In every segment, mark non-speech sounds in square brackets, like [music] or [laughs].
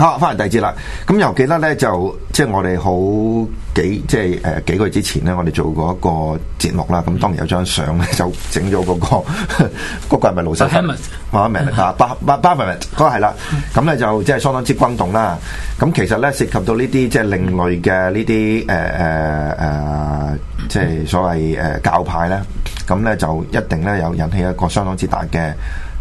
好，翻嚟第二節啦。咁又記得咧，就即係我哋好幾即係誒幾個月之前咧，我哋做過一個節目啦。咁當然有張相咧，就整咗嗰個嗰個係咪魯斯？我明啊，巴巴巴維文嗰個係啦。咁咧就即係相當之轟動啦。咁其實咧涉及到呢啲即係另類嘅呢啲誒誒誒，即係所謂誒教派咧。咁咧就一定咧有引起一個相當之大嘅。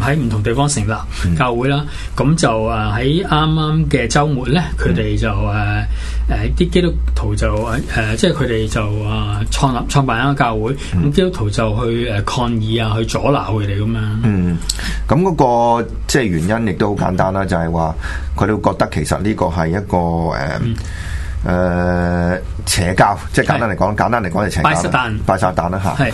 喺唔同地方成立教會啦，咁就啊喺啱啱嘅週末咧，佢哋就誒誒啲基督徒就誒，即係佢哋就啊創立創辦一個教會，咁基督徒就去誒抗議啊，去阻撓佢哋咁樣。嗯，咁嗰個即係原因亦都好簡單啦，就係話佢哋覺得其實呢個係一個誒誒邪教，即係簡單嚟講，簡單嚟講係邪教，拜撒旦啦吓，係。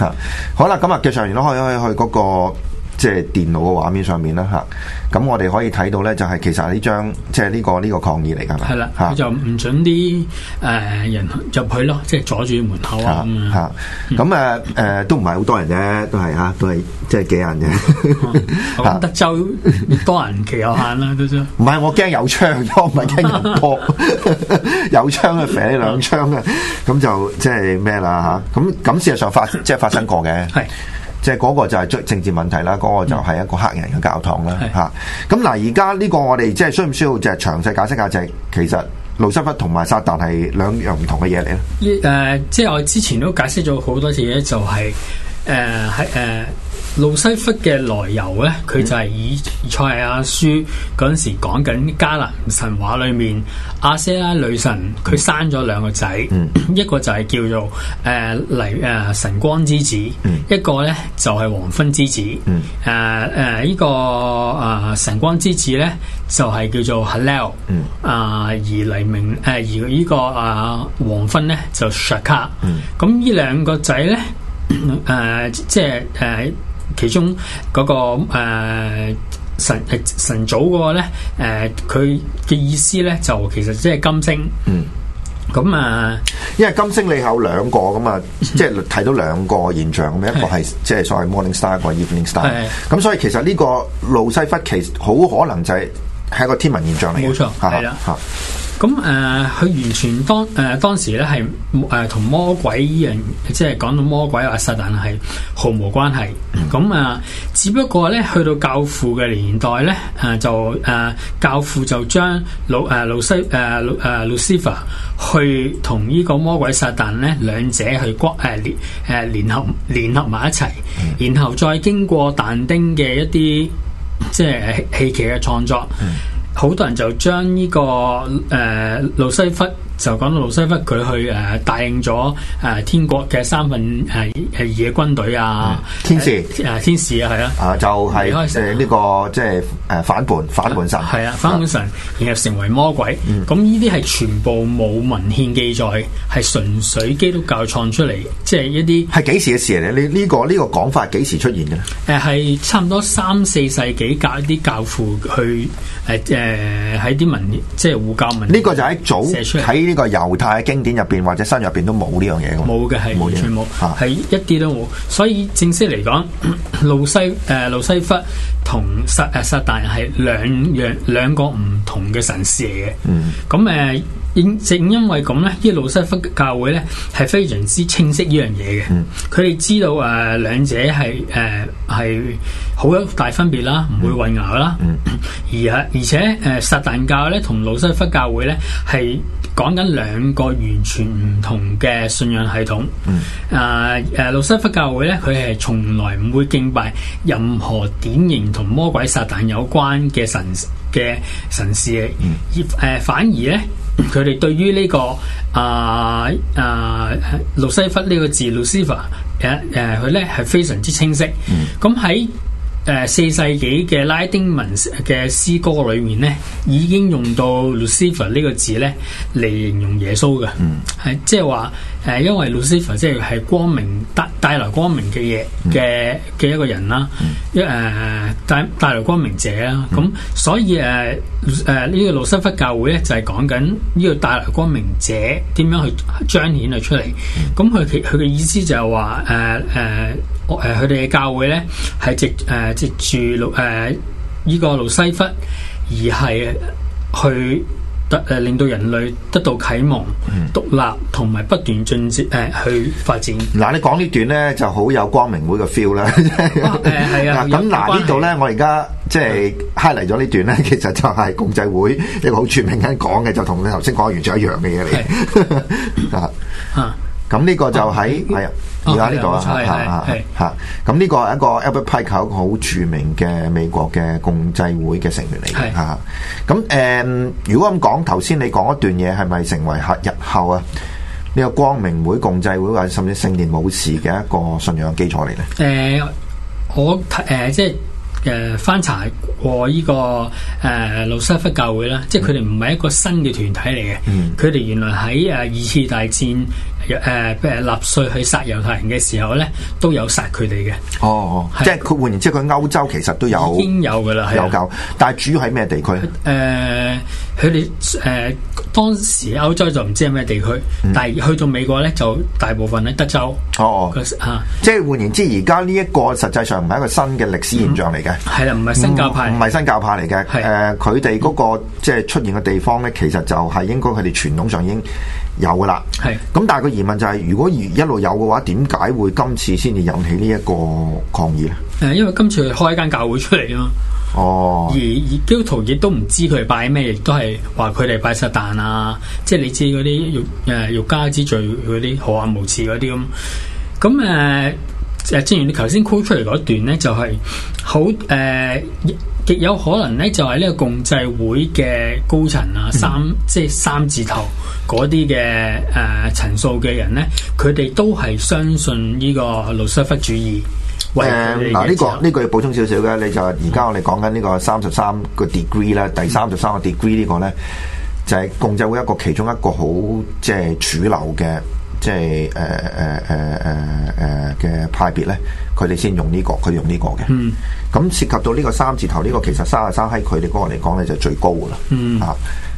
好啦，咁啊，嘅上完啦，可以去去嗰個。即係電腦嘅畫面上面啦吓，咁我哋可以睇到咧，就係其實呢張即係呢個呢個抗議嚟噶，係啦，就唔準啲誒人入去咯，即係阻住門口啊咁樣。咁誒誒都唔係好多人啫，都係嚇，都係即係幾人啫。德州多人其有限啦，都啫。唔係我驚有槍，我唔係驚人多。有槍啊，射你兩槍啊！咁就即係咩啦吓，咁咁事實上發即係發生過嘅。係。即係嗰個就係最政治問題啦，嗰、那個就係一個黑人嘅教堂啦，吓。咁嗱，而家呢個我哋即係需唔需要就係詳細解釋下，就係其實路西弗同埋撒旦係兩樣唔同嘅嘢嚟咧？誒、啊，即係我之前都解釋咗好多次咧，就係誒喺誒。啊啊路西弗嘅來由咧，佢就係以賽亞書嗰陣時講緊迦南神話裏面阿西拉女神，佢生咗兩個仔，嗯、一個就係叫做誒黎誒神光之子，嗯、一個咧就係黃昏之子。誒誒呢個誒、呃、神光之子咧，就係、是、叫做 Hallel，啊、嗯呃、而黎明誒、呃、而呢、這個誒、呃、黃昏咧就 Shakar、嗯。咁呢、嗯、兩個仔咧誒即係誒。呃呃呃呃呃呃呃其中嗰、那個誒、呃、神神祖嗰、那個咧，誒佢嘅意思咧就其實即係金星。嗯。咁樣啊，因為金星你有兩個咁啊，即係睇到兩個現象咁，是的 一個係即係所謂 morning star 一個 evening star。咁是的 所以其實呢個路西弗其實好可能就係係一個天文現象嚟嘅。冇錯錯。係啊。是的 啊啊咁誒，佢完全當誒、呃、當時咧係誒同魔鬼依樣，即係講到魔鬼或撒旦係毫無關係。咁啊、嗯呃，只不過咧去到教父嘅年代咧，誒、呃、就誒、呃、教父就將老誒路西誒誒路西弗去同呢個魔鬼撒旦咧兩者去關誒、啊、連誒、啊、合聯合埋一齊，嗯，然後再經過但丁嘅一啲即係戲劇嘅創作。好多人就將呢、這個誒、呃、路西弗。就講到路西弗，佢去誒帶領咗誒、呃、天國嘅三份係係、呃、野軍隊啊，天使誒、呃、天使啊，係啊，就係誒呢個、啊、即係誒反叛反叛神，係啊，啊反叛神，然後、啊、成為魔鬼。咁呢啲係全部冇文獻記載，係純粹基督教創出嚟，即、就、係、是、一啲係幾時嘅事嚟呢呢個呢、這個講法幾時出現嘅咧？誒係、呃、差唔多三四世紀教一啲教父去誒誒喺啲文即係護教文，文出，呢個就係早寫出呢個猶太經典入邊或者新入邊都冇呢樣嘢，冇嘅，係完全冇，係、啊、一啲都冇。所以正式嚟講，路西誒、呃、路西弗同撒誒撒但係兩樣兩個唔同嘅神嚟嘅。嗯，咁誒。呃正正因為咁咧，依個路西弗教會咧係非常之清晰依樣嘢嘅。佢哋知道誒兩者係誒係好大分別啦，唔會混淆啦。而係而且誒撒旦教咧同路西弗教會咧係講緊兩個完全唔同嘅信仰系統。誒誒路西弗教會咧，佢係從來唔會敬拜任何典型同魔鬼撒旦有關嘅神嘅神事嘅。而誒反而咧。佢哋對於呢、這個、呃、啊啊路西弗呢個字，路西弗誒誒，佢咧係非常之清晰。咁喺誒四世紀嘅拉丁文嘅詩歌裏面咧，已經用到路西弗呢個字咧嚟形容耶穌嘅，係、嗯、即係話。誒，因為路西弗即係係光明帶帶來光明嘅嘢嘅嘅一個人啦，一誒帶帶來光明者啦，咁、嗯、所以誒誒呢個路西弗教會咧就係講緊呢個帶來光明者點樣去彰顯佢出嚟，咁佢佢佢嘅意思就係話誒誒誒佢哋嘅教會咧係藉誒藉住誒呢個路西弗而係去。誒，令到人類得到啟蒙獨、獨立同埋不斷進誒，去發展。嗱、嗯，你講呢段咧，就好有光明會嘅 feel 啦。係啊哇。咁嗱， [laughs] 呢度咧，的我而家即係 highlight 咗呢段咧，其實就係共濟會一個好著名嘅講嘅，就同你頭先講完就一樣嘅嘢嚟。咁呢個就喺係啊，而家呢度啊，係咁呢個係一個 Albert Pike，一個好著名嘅美國嘅共濟會嘅成員嚟嘅嚇。咁誒，如果咁講，頭先你講一段嘢，係咪成為嚇日後啊？呢個光明會、共濟會或者甚至聖殿武士嘅一個信仰基礎嚟咧？誒，我誒即係誒翻查過呢個誒路西弗教會啦，即係佢哋唔係一個新嘅團體嚟嘅，佢哋原來喺誒二次大戰。誒，比如，納粹去殺猶太人嘅時候咧，都有殺佢哋嘅。哦哦，即係佢換言之，佢歐洲其實都有，已經有㗎啦，有教。但係主要喺咩地區咧？誒，佢哋誒當時歐洲就唔知係咩地區，但係去到美國咧，就大部分喺德州。哦，嚇，即係換言之，而家呢一個實際上唔係一個新嘅歷史現象嚟嘅。係啦，唔係新教派，唔係新教派嚟嘅。誒，佢哋嗰個即係出現嘅地方咧，其實就係應該佢哋傳統上已經。有噶啦，係。咁但係個疑問就係，如果如一路有嘅話，點解會今次先至引起呢一個抗議咧？誒，因為今次開間教會出嚟咯。哦。而而基督徒亦都唔知佢哋拜咩，亦都係話佢哋拜撒旦啊，即係你知嗰啲欲誒欲加之罪嗰啲，何患無辭嗰啲咁。咁誒誒，正如你頭先 quote 出嚟嗰段咧，就係。好，誒、呃、極有可能咧，就係呢個共濟會嘅高層啊，三、嗯、即係三字頭嗰啲嘅誒層數嘅人咧，佢哋都係相信呢個路西弗主義。誒嗱、呃，呢、呃呢個呢、呢個要補充少少嘅，你就而家我哋講緊呢個三十三個 degree 啦，第三十三個 degree 呢、嗯、個咧，就係、是、共濟會一個其中一個好即係主流嘅，即係誒誒誒誒誒嘅派別咧。佢哋先用呢、這個，佢用呢個嘅。嗯，咁涉及到呢個三字頭呢、這個，其實三十三喺佢哋嗰個嚟講咧就最高噶啦。嗯，啊，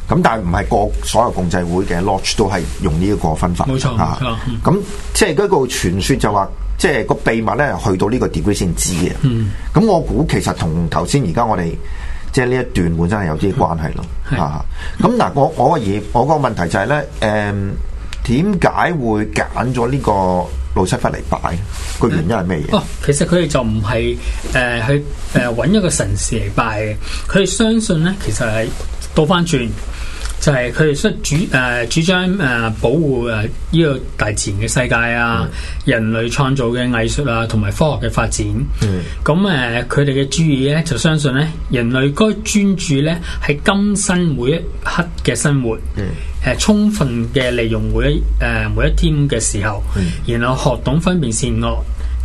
咁但係唔係個所有共濟會嘅 lodge 都係用呢個分法？冇錯啊。咁、嗯嗯嗯、即係嗰個傳説就話，即係個秘密咧，去到呢個 degree 先知嘅。嗯，嗯，嗯，咁我估其實同頭先而家我哋即係呢一段本身係有啲關係咯。啊、嗯，咁嗱、嗯嗯嗯嗯嗯，我我嘅嘢，我個問題就係、是、咧，誒、嗯。嗯點解會揀咗呢個路西弗嚟拜？個原因係咩嘢？哦，其實佢哋就唔係誒去誒揾、呃、一個神士嚟拜嘅，佢哋相信咧，其實係倒翻轉。就係佢哋主誒主張誒保護誒呢個大自然嘅世界啊，嗯、人類創造嘅藝術啊，同埋科學嘅發展。嗯，咁誒佢哋嘅主義咧，就相信咧人類該專注咧喺今生每一刻嘅生活，嗯、呃，充分嘅利用每一誒、呃、每一天嘅時候，嗯、然後學懂分辨善惡。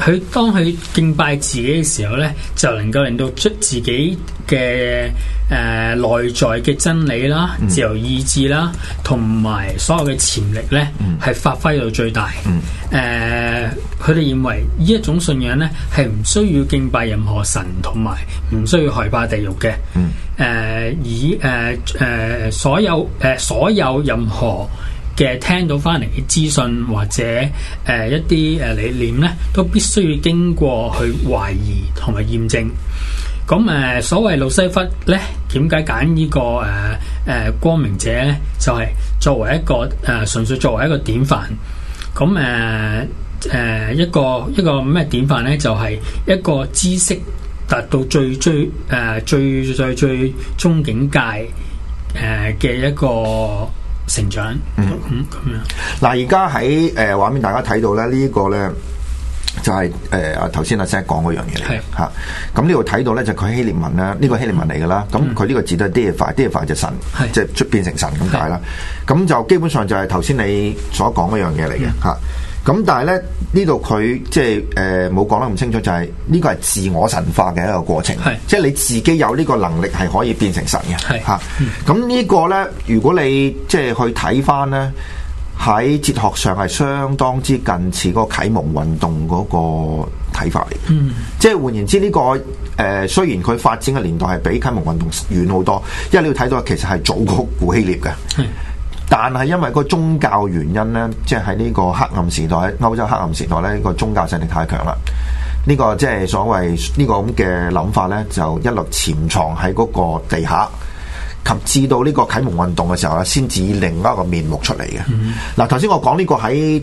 佢當佢敬拜自己嘅時候咧，就能夠令到出自己嘅誒、呃、內在嘅真理啦、自由意志啦，同埋所有嘅潛力咧，係、嗯、發揮到最大。誒、嗯，佢哋、呃、認為呢一種信仰咧，係唔需要敬拜任何神，同埋唔需要害怕地獄嘅。誒、嗯呃，以誒誒、呃呃、所有誒、呃、所有任何嘅聽到翻嚟嘅資訊或者誒、呃、一啲誒理念咧，都必須要經過去懷疑同埋驗證。咁誒、呃，所謂路西弗咧，點解揀呢個誒誒、呃呃、光明者咧？就係、是、作為一個誒、呃、純粹作為一個典範。咁誒誒一個一個咩典範咧？就係、是、一個知識達到最最誒、呃、最最最，最終境界誒嘅、呃、一個。成長，嗯咁樣。嗱、嗯，而家喺誒畫面，大家睇到咧、這個、呢個咧就係誒啊頭先阿 Zeke 講嗰樣嘢嚟，係吓、嗯。咁呢度睇到咧就佢希臘文啦。呢個希臘文嚟噶啦。咁佢呢個字都係 Deified，Deified 就神，即係出變成神咁解啦。咁是就基本上就係頭先你所講嗰樣嘢嚟嘅吓。是啊咁、嗯、但係咧呢度佢即係誒冇講得咁清楚，就係、是、呢個係自我神化嘅一個過程，是即係你自己有呢個能力係可以變成神嘅。吓，咁呢個咧，如果你即係去睇翻，咧，喺哲學上係相當之近似嗰個啟蒙運動嗰個睇法嚟嘅。嗯，即係換言之、這個，呢個誒雖然佢發展嘅年代係比啟蒙運動遠好多，因為你要睇到其實係早過古希臘嘅。但係因為個宗教原因，呢即係喺呢個黑暗時代，歐洲黑暗時代呢、呢個宗教勢力太強啦。呢、呢個即係所謂呢個咁嘅諗法呢就一路潛藏喺嗰個地下，及至到呢個啟蒙運動嘅時候咧，先至另一個面目出嚟嘅。嗱、mm，頭、hmm。先我講呢個喺。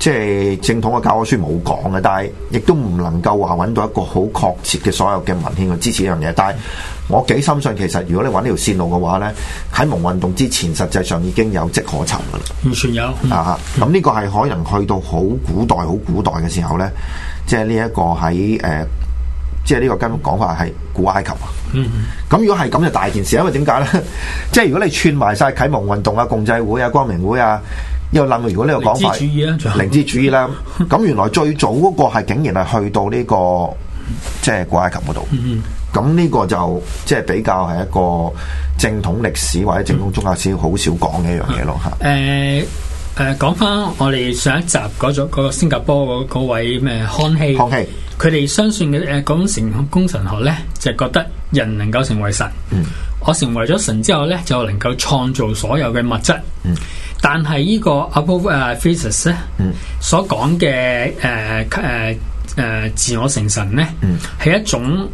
即係正統嘅教科書冇講嘅，但係亦都唔能夠話揾到一個好確切嘅所有嘅文獻去支持呢樣嘢。但係我幾深信，其實如果你揾呢條綫路嘅話咧，啟蒙運動之前，實際上已經有跡可尋噶啦。完全有、嗯、啊！咁呢個係可能去到好古代、好古代嘅時候咧，即係呢一個喺誒，即係呢個根本講法係古埃及啊、嗯。嗯，咁如果係咁就大件事，因為點解咧？即、就、係、是、如果你串埋晒啟蒙運動啊、共濟會啊、光明會啊。又諗，如果呢個講法靈知主義啦、啊。咁 [laughs] 原來最早嗰個係竟然係去到呢、這個即係古埃及嗰度。咁、就、呢、是嗯、個就即係、就是、比較係一個正統歷史或者正統宗教史好少講嘅一樣嘢咯。嚇、嗯。誒、嗯、誒、呃呃，講翻我哋上一集嗰種、那個那個新加坡嗰、那個、位咩康希，康希佢哋相信嘅誒嗰種成功神學咧，就是、覺得人能夠成為神。嗯。我成為咗神之後咧，就能夠創造所有嘅物質。嗯。但係呢個阿波誒菲斯咧，嗯、所講嘅誒誒誒自我成神咧，係、嗯、一種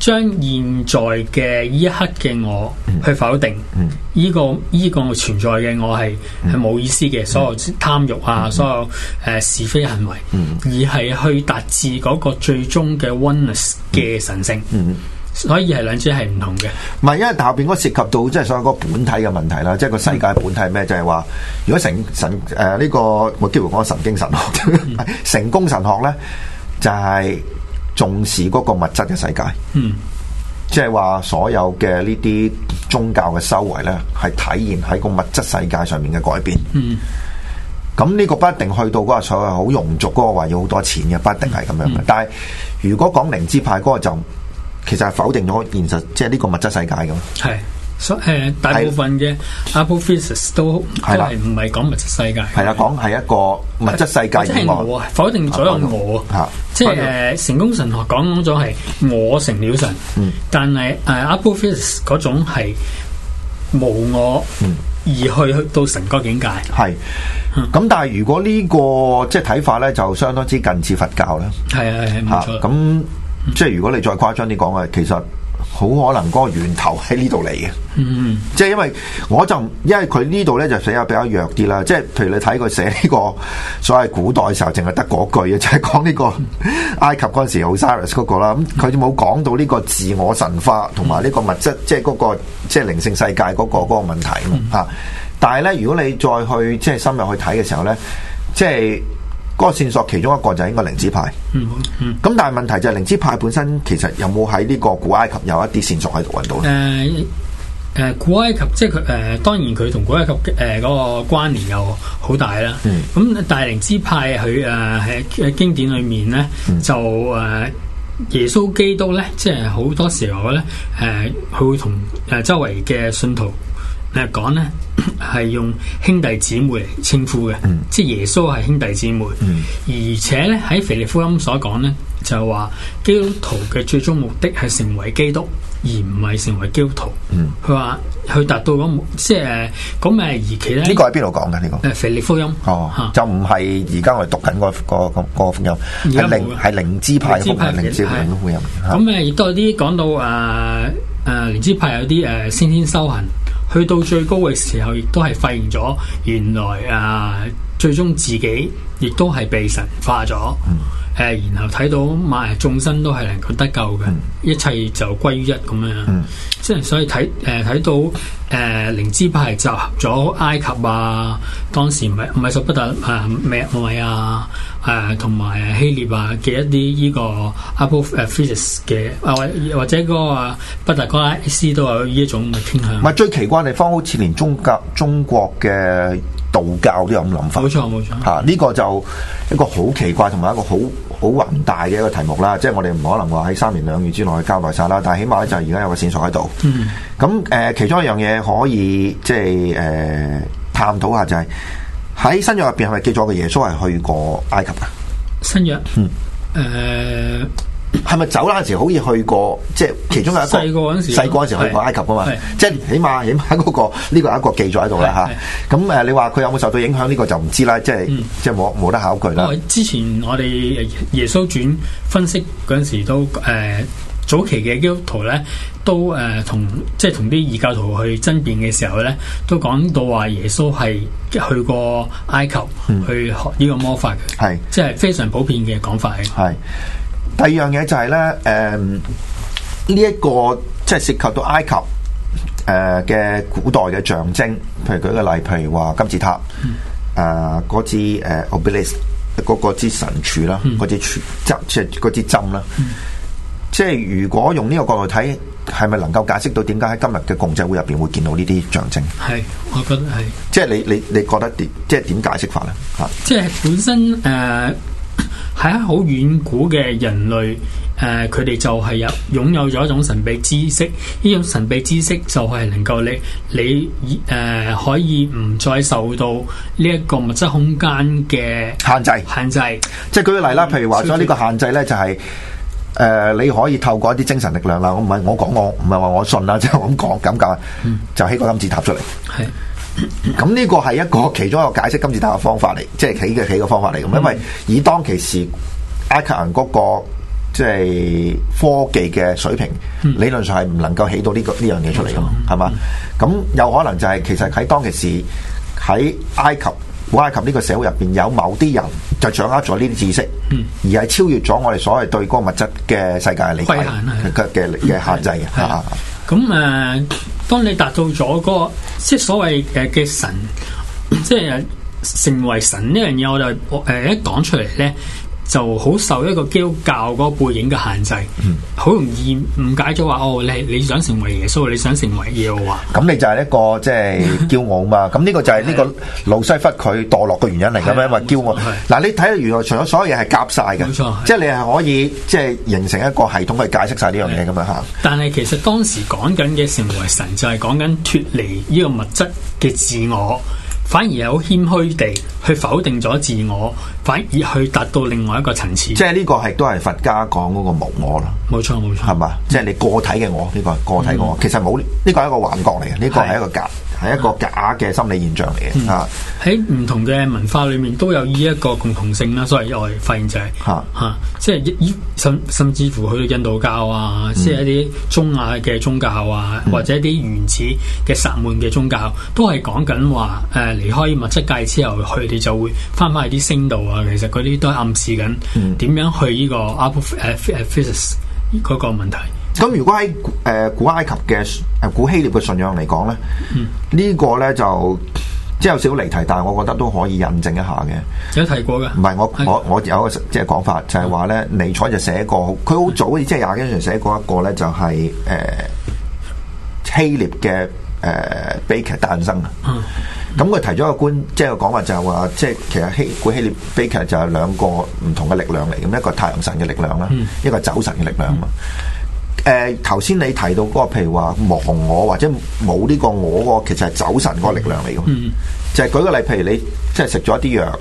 將現在嘅一刻嘅我去否定，呢、嗯這個呢、這個我存在嘅我係係冇意思嘅，嗯、所有貪欲啊，嗯、所有誒、呃、是非行為，嗯、而係去達至嗰個最終嘅 oneness 嘅神性、嗯。嗯嗯所以係兩者係唔同嘅，唔係因為後邊嗰涉及到即係、就是、所有嗰個本體嘅問題啦，即係個世界本體係咩？就係、是、話如果成神誒呢、呃這個我機會講神經神學， [laughs] 成功神學咧就係、是、重視嗰個物質嘅世界，嗯，即係話所有嘅呢啲宗教嘅修為咧係體現喺個物質世界上面嘅改變，嗯，咁呢個不一定去到嗰個所謂好庸俗嗰個話要好多錢嘅，不一定係咁樣嘅。嗯、但係如果講靈知派嗰個就。其實係否定咗現實，即係呢個物質世界咁。係，所誒、呃、大部分嘅 Apophysis 都係唔係講物質世界。係啦的，講係一個物質世界。即係我否定咗個我啊。啊啊即係誒，成、啊、功神學講咗係我成了神，嗯、但係誒、uh, Apophysis 嗰種係無我，而去去到神國境界。係、嗯，咁、嗯、但係如果、這個、呢個即係睇法咧，就相當之近似佛教啦。係啊係啊，冇錯。咁。即係如果你再誇張啲講啊，其實好可能嗰個源頭喺呢度嚟嘅。嗯嗯、mm，hmm. 即係因為我就因為佢呢度咧就寫得比較弱啲啦。即係譬如你睇佢寫呢個所謂古代嘅時候，淨係得嗰句啊，就係、是、講呢、這個、mm hmm. [laughs] 埃及嗰陣時好 Osiris 嗰個啦。咁佢冇講到呢個自我神化同埋呢個物質，即係、那、嗰個即係靈性世界嗰、那個嗰、那個問題啊。但係咧，如果你再去即係深入去睇嘅時候咧，即係。嗰個線索其中一個就應該靈知派。嗯嗯。咁、嗯、但係問題就係靈知派本身其實有冇喺呢個古埃及有一啲線索喺度揾到咧？誒誒、呃呃，古埃及即係誒、呃，當然佢同古埃及誒嗰、呃那個關聯又好大啦。咁、嗯、但係靈知派佢誒喺誒經典裏面咧，嗯、就誒、呃、耶穌基督咧，即係好多時候咧，誒、呃、佢會同誒周圍嘅信徒嚟講咧。係用兄弟姊妹嚟稱呼嘅，即係耶穌係兄弟姊妹，而且咧喺腓力福音所講咧就話基督徒嘅最終目的係成為基督，而唔係成為基督徒。佢話去達到咁即係咁誒而其咧呢個喺邊度講嘅呢個？誒腓力福音哦，就唔係而家我哋讀緊個個個福音係靈係靈知派福靈知派嘅福音。咁誒亦都有啲講到誒誒靈知派有啲誒先天修行。去到最高嘅時候，亦都係發現咗原來啊，最終自己亦都係被神化咗。誒、嗯呃，然後睇到萬眾生都係能夠得救嘅，嗯、一切就歸於一咁樣。嗯、即係所以睇誒睇到誒靈知派係集合咗埃及啊，當時唔係唔係索不達啊，咩啊？誒同埋希臘嘅、啊、一啲呢、呢個 Apollo p h 嘅，或或者嗰個畢達哥拉斯都有呢一種嘅傾向。唔係最奇怪地方，好似連中國中國嘅道教都有咁諗法。冇錯冇錯。嚇，呢個就一個好奇怪，同埋一個好好宏大嘅一個題目啦。嗯、即係我哋唔可能話喺三年兩月之內去交代晒啦。但係起碼咧，就而家有個線索喺度。嗯。咁誒、嗯呃，其中一樣嘢可以即係誒探討下，探討下就係、是。喺新約入邊係咪記咗個耶穌係去過埃及啊？新約，嗯，誒，係咪走嗰陣時好似去過，即、就、係、是、其中有一個細個嗰陣時細個陣時去過埃及噶嘛？即係起碼起碼嗰，那個呢，這個一個記載喺度啦吓。咁誒、啊，你話佢有冇受到影響？呢，這個就唔知啦。就是嗯、即係即係冇冇得考據啦、哦。之前我哋耶穌傳分析嗰陣時都誒。Uh, 早期嘅基督徒咧，都誒、呃、同即係同啲異教徒去爭辯嘅時候咧，都講到話耶穌係一去過埃及去學呢個魔法嘅，係、嗯、即係非常普遍嘅講法嘅。係第二樣嘢就係、是、咧，誒呢一個即係涉及到埃及誒嘅、呃、古代嘅象徵，譬如舉個例，譬如話金字塔，誒嗰支誒 obelisk 嗰支神柱啦，支柱針即係嗰支針啦。即係如果用呢個角度睇，係咪能夠解釋到點解喺今日嘅共濟會入邊會見到呢啲象徵？係，我覺得係。即係你你你覺得點？即係點解釋法咧？吓，即係本身誒一好遠古嘅人類誒，呃、佢哋就係有擁有咗一種神秘知識，呢種神秘知識就係能夠你你誒、呃、可以唔再受到呢一個物質空間嘅限制限制。限制，即係舉個例啦，譬如話咗呢個限制咧、就是，就係。誒、呃，你可以透過一啲精神力量啦。我唔係我講我唔係話我信啦，即係咁講咁解，就起個金字塔出嚟。係是，咁呢個係一個其中一個解釋金字塔嘅方法嚟，即係起嘅起嘅方法嚟。咁因為以當其時埃及人嗰個即係、就是、科技嘅水平，嗯、理論上係唔能夠起到呢、這個呢樣嘢出嚟噶，係嘛錯？咁有可能就係、是、其實喺當其時喺埃及埃及呢個社會入邊有某啲人。就掌握咗呢啲知識，嗯、而係超越咗我哋所謂對嗰個物質嘅世界嘅規限嘅嘅限制嘅。咁誒，當你達到咗嗰、那個，即係所謂誒嘅神， [coughs] 即係成為神呢樣嘢，我就誒一講出嚟咧。就好受一個驕傲嗰個背影嘅限制，好、嗯、容易誤解咗話哦，你你想成為耶穌，你想成為耶和華，咁你、嗯、你就係一個即係驕傲嘛，咁呢 [laughs] 個就係呢個路西弗佢墮落嘅原因嚟嘅嘛。話驕的傲，嗱你睇原來除咗所有嘢係夾晒嘅，即係你係可以即係、就是、形成一個系統去解釋晒呢樣嘢咁樣吓。的的但係其實當時講緊嘅成為神就係講緊脫離呢個物質嘅自我。反而係好謙虛地去否定咗自我，反而去達到另外一個層次。即係呢個係都係佛家講嗰個無我啦。冇錯，冇錯。係嘛？即係你個體嘅我呢個係個體嘅我，嗯、其實冇呢個係一個幻覺嚟嘅，呢個係一個假。係一個假嘅心理現象嚟嘅，啊！喺唔同嘅文化裏面都有呢一個共同性啦，所以我哋發現就係，吓吓，即係甚甚至乎去到印度教啊，即係一啲中亞嘅宗教啊，或者一啲原始嘅薩滿嘅宗教，都係講緊話，誒，離開物質界之後，佢哋就會翻返去啲星度啊。其實嗰啲都暗示緊點樣去呢個 up 誒 physics 嗰個問題。咁、嗯、如果喺誒古埃及嘅誒古希臘嘅信仰嚟講咧，呢、嗯、個咧就即有少少離題，但係我覺得都可以印證一下嘅。有提過嘅？唔係我、哎、我我有個即係講法，就係話咧，嗯、尼采就寫過，佢好早即係廿幾年前寫過一個咧，嗯、個就係、是、誒、呃、希臘嘅誒悲劇誕生啊。咁佢提咗個觀，即係講話就係、是、話，即係其實希古希臘悲劇就係兩個唔同嘅力量嚟咁，一個太陽神嘅力量啦，一個酒神嘅力量啊嘛。嗯嗯誒，頭先、呃、你提到嗰、那個，譬如話忘我或者冇呢個我個，其實係酒神個力量嚟嘅。嗯、就係舉個例，譬如你即係食咗一啲藥，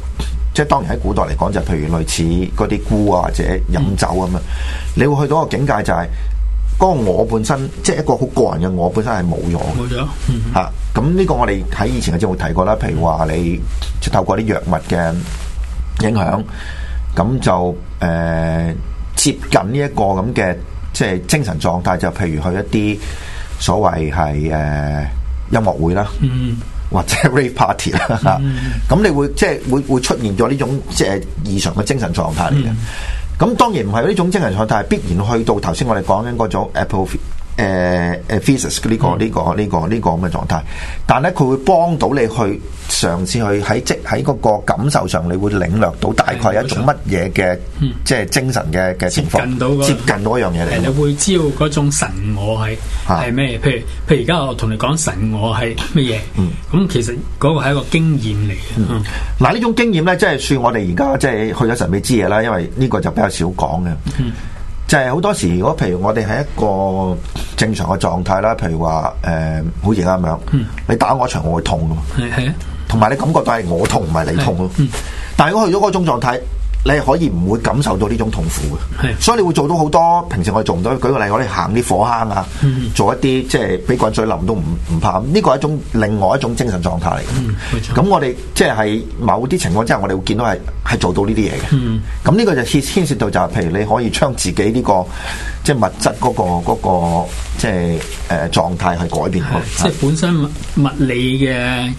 即係當然喺古代嚟講，就係、是、譬如類似嗰啲菇啊或者飲酒咁啊，嗯、你會去到一個境界就係、是，嗰、那個個，嗯啊、個我本身即係一個好個人嘅我本身係冇咗冇咗。吓，咁呢個我哋喺以前嘅節目提過啦。譬如話你透過啲藥物嘅影響，咁就誒、呃、接近呢一個咁嘅。即係精神狀態，就譬如去一啲所謂係誒、uh, 音樂會啦，mm hmm. 或者 Rave Party 啦，咁、mm hmm. 你會即係會會出現咗呢種即係異常嘅精神狀態嚟嘅。咁、mm hmm. 當然唔係呢種精神狀態係必然去到頭先我哋講緊嗰種誒 Apple 誒誒 Physics 呢個呢個呢個呢個咁嘅狀態，但係咧，佢會幫到你去嘗試去喺即喺個感受上，你會領略到大概一種乜嘢嘅，即係精神嘅嘅情況，接近到接近到一樣嘢嚟，你會知道嗰種神我係係咩？譬如譬如而家我同你講，神我係乜嘢，咁其實嗰個係一個經驗嚟嘅。嗱，呢種經驗咧，即係算我哋而家即係去咗神秘之嘢啦，因為呢個就比較少講嘅。就係好多時，如果譬如我哋喺一個正常嘅狀態啦，譬如話誒、呃、好似咁樣，你打我一場，我會痛嘅嘛。係係啊，同 [noise] 埋樂你感覺到係我痛唔係你痛咯。 [music] 但如果去咗嗰種狀態，你係可以唔會感受到呢種痛苦嘅，的所以你會做到好多平時我哋做唔到。舉個例，我哋行啲火坑啊，嗯、做一啲即係俾滾水淋都唔唔怕。呢、這個係一種另外一種精神狀態嚟嘅。咁、嗯、我哋即係喺某啲情況之下，我哋會見到係係做到呢啲嘢嘅。咁呢、嗯嗯、個就牽涉到就係譬如你可以將自己呢、這個即係物質嗰、那個、那個、即係誒、呃、狀態去改變。即係本身物理嘅。嗯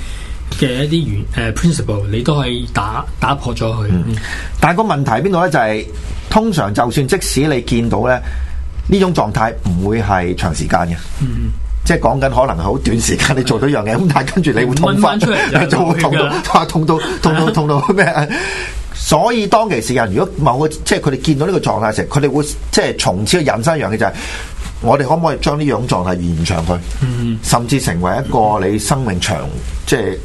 嘅一啲原誒、uh, principle，你都係打打破咗佢、嗯。但係個問題邊度咧？就係、是、通常，就算即使你見到咧呢種狀態，唔會係長時間嘅。嗯，即係講緊可能好短時間，你做到一樣嘢，咁的但係跟住你會痛翻出嚟，就會痛到痛到痛到的痛到咩？所以當其時間，如果某個即係佢哋見到呢個狀態時，佢哋會即係從此個人生一樣嘅就係、是：我哋可唔可以將呢樣狀態延長佢？嗯、甚至成為一個你生命長即係。即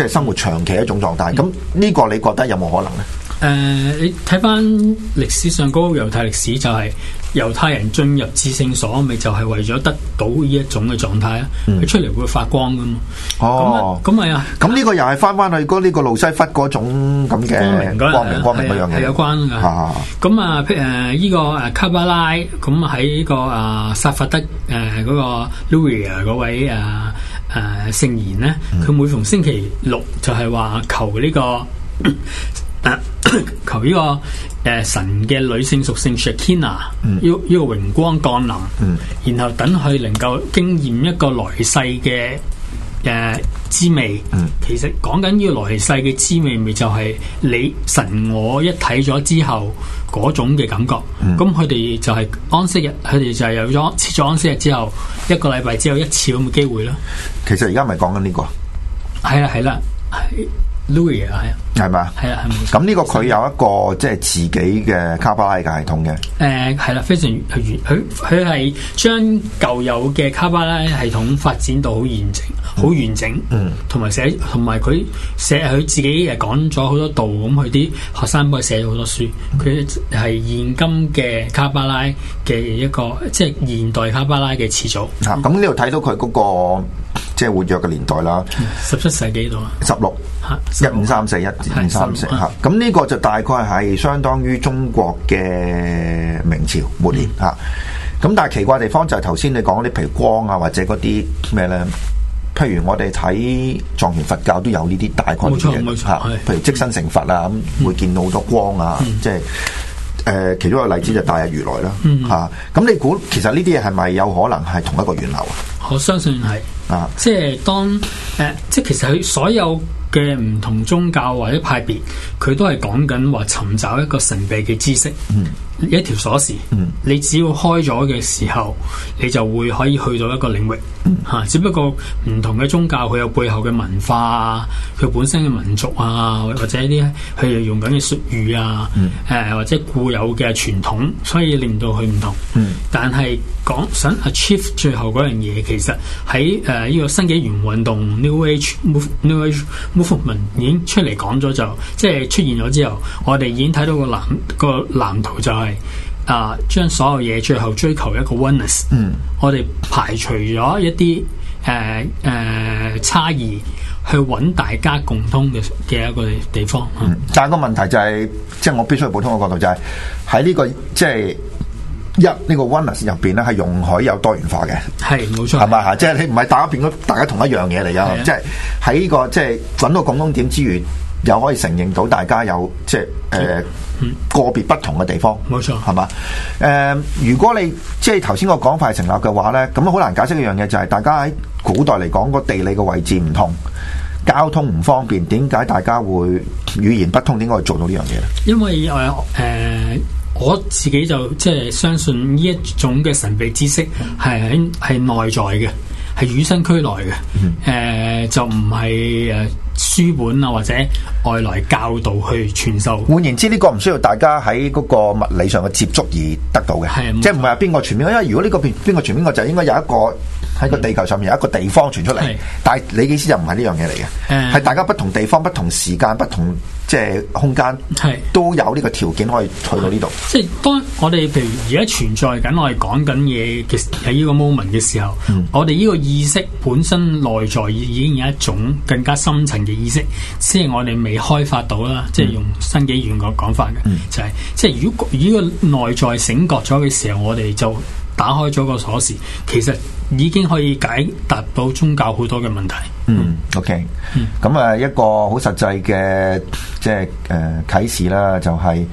即係生活長期一種狀態，咁呢個你覺得有冇可能咧？誒，你睇翻歷史上嗰個猶太歷史，就係猶太人進入至聖所，咪就係為咗得到呢一種嘅狀態啊！佢出嚟會發光噶嘛？哦，咁係啊！咁呢個又係翻翻去嗰呢個路西弗嗰種咁嘅光明嗰樣嘢係有關㗎。咁啊誒，呢個誒卡巴拉咁喺呢個啊薩法德誒嗰個 Luria 嗰位啊。誒，聖言咧，佢每逢星期六就係話求呢、這個， [coughs] 啊、 [coughs] 求呢、這個誒、呃、神嘅女性屬性 Shakina，要呢、 [coughs] 這個這個榮光降臨， [coughs] 然後等佢能夠經驗一個來世嘅。嘅、呃、滋味，嗯、其實講緊要嚟世嘅滋味咪就係你神我一睇咗之後嗰種嘅感覺，咁佢哋就係安息日，佢哋就係有咗設咗安息日之後一個禮拜只有一次咁嘅機會咯。其實而家咪講緊呢個，係啦，係啦。Luria 啊，係啊，係嘛嗎，係啦，咁呢個佢有一個即係、就是、自己嘅卡巴拉嘅系統嘅。誒、呃，係啦，非常佢佢係將舊有嘅卡巴拉系統發展到好完整，好、嗯、完整。嗯，同埋寫，同埋佢寫佢自己誒講咗好多道，咁佢啲學生幫佢寫咗好多書。佢係、嗯、現今嘅卡巴拉嘅一個，即、就、係、是、現代卡巴拉嘅始祖。吓、嗯，咁呢度睇到佢嗰、那個。即係活躍嘅年代啦，十七世紀到啊，十六、嗯，一五三四一五三四，咁呢個就大概係相當於中國嘅明朝末年吓。咁、嗯、但係奇怪地方就係頭先你講啲譬如光啊，或者嗰啲咩咧？譬如我哋睇藏傳佛教都有呢啲大概嘅吓，譬如即身成佛啊，咁、嗯、會見到好多光啊，嗯嗯、即係。誒，其中一個例子就大日如來啦，吓咁、嗯啊、你估，其實呢啲嘢係咪有可能係同一個源流？啊？我相信係、啊，啊，即係當誒，即係其實佢所有嘅唔同宗教或者派別，佢都係講緊話尋找一個神秘嘅知識。嗯一條鎖匙，你只要開咗嘅時候，你就會可以去到一個領域嚇、啊。只不過唔同嘅宗教，佢有背後嘅文化啊，佢本身嘅民族啊，或者一啲佢哋用緊嘅術語啊，誒、嗯呃、或者固有嘅傳統，所以令到佢唔同。嗯、但係講想 achieve 最後樣嘢，其實喺誒呢個新紀元運動 New Age, Move, New Age Movement 已經出嚟講咗，就即係出現咗之後，我哋已經睇到個藍個藍圖就係。誒，將、啊、所有嘢最後追求一個 oneness，嗯、我哋排除咗一啲誒誒差異，去揾大家共通嘅嘅一個地方。嗯嗯、但係個問題就係、是，即係我必須去普通嘅角度就係喺呢個即係一呢、這個 oneness 入邊咧，係容許有多元化嘅，係冇錯，係咪？吓吧，吧即係你唔係大家變咗大家同一樣嘢嚟噶，即係喺呢個即係揾到共通點之餘。又可以承認到大家有即係誒、呃、個別不同嘅地方，冇錯，係嘛？誒、呃，如果你即係頭先個講法係成立嘅話咧，咁好難解釋一樣嘢，就係大家喺古代嚟講個地理嘅位置唔同，交通唔方便，點解大家會語言不通？點解會做到呢樣嘢咧？因為誒誒、呃，我自己就即係相信呢一種嘅神秘知識係喺係內在嘅。係與生俱來嘅，誒、嗯呃、就唔係誒書本啊或者外來教導去傳授。換言之，呢、這個唔需要大家喺嗰個物理上嘅接觸而得到嘅，的即係唔係話邊個傳邊個。的因為如果呢、這個邊邊個傳邊個，我就應該有一個。喺個地球上面有一個地方傳出嚟，是但你意思就唔係呢樣嘢嚟嘅？係、嗯、大家不同地方、不同時間、不同即係、就是、空間，是都有呢個條件可以去到呢度。即係當我哋譬如而家存在緊，我哋講緊嘢嘅喺呢個 moment 嘅時候，嗯、我哋呢個意識本身內在已經有一種更加深層嘅意識，即係我哋未開發到啦。即係用新紀元嘅講法嘅，就係即係如果呢個內在醒覺咗嘅時候，我哋就。打開咗個鎖匙，其實已經可以解答到宗教好多嘅問題。嗯，OK，咁啊、嗯、一個好實際嘅即係誒啟示啦，就係、是、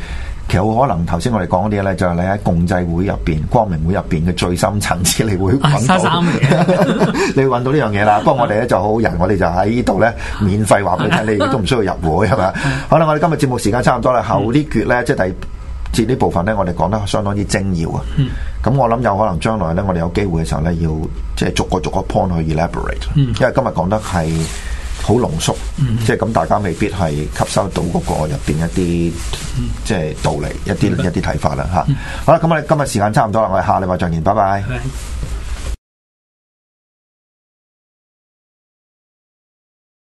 其實好可能頭先我哋講啲嘢咧，就係你喺共濟會入邊、光明會入邊嘅最深層次，你會揾到，你會揾到呢樣嘢啦。 [laughs] 不過我哋咧就好好人，我哋就喺呢度咧免費話俾你聽，你都唔需要入會係嘛。嗯、好啦，我哋今日節目時間差唔多啦，後啲決咧即係第。接呢部分呢，我哋講得相當之精要啊！咁、嗯、我諗有可能將來呢，我哋有機會嘅時候呢，要即係逐個逐個 point 去 elaborate、嗯、因為今日講得係好濃縮，嗯、即係咁大家未必係吸收到嗰個入邊一啲、嗯、即係道理、一啲一啲睇法啦吓，嗯嗯、好啦，咁我哋今日時間差唔多啦，我哋下禮拜再見，拜拜。拜拜。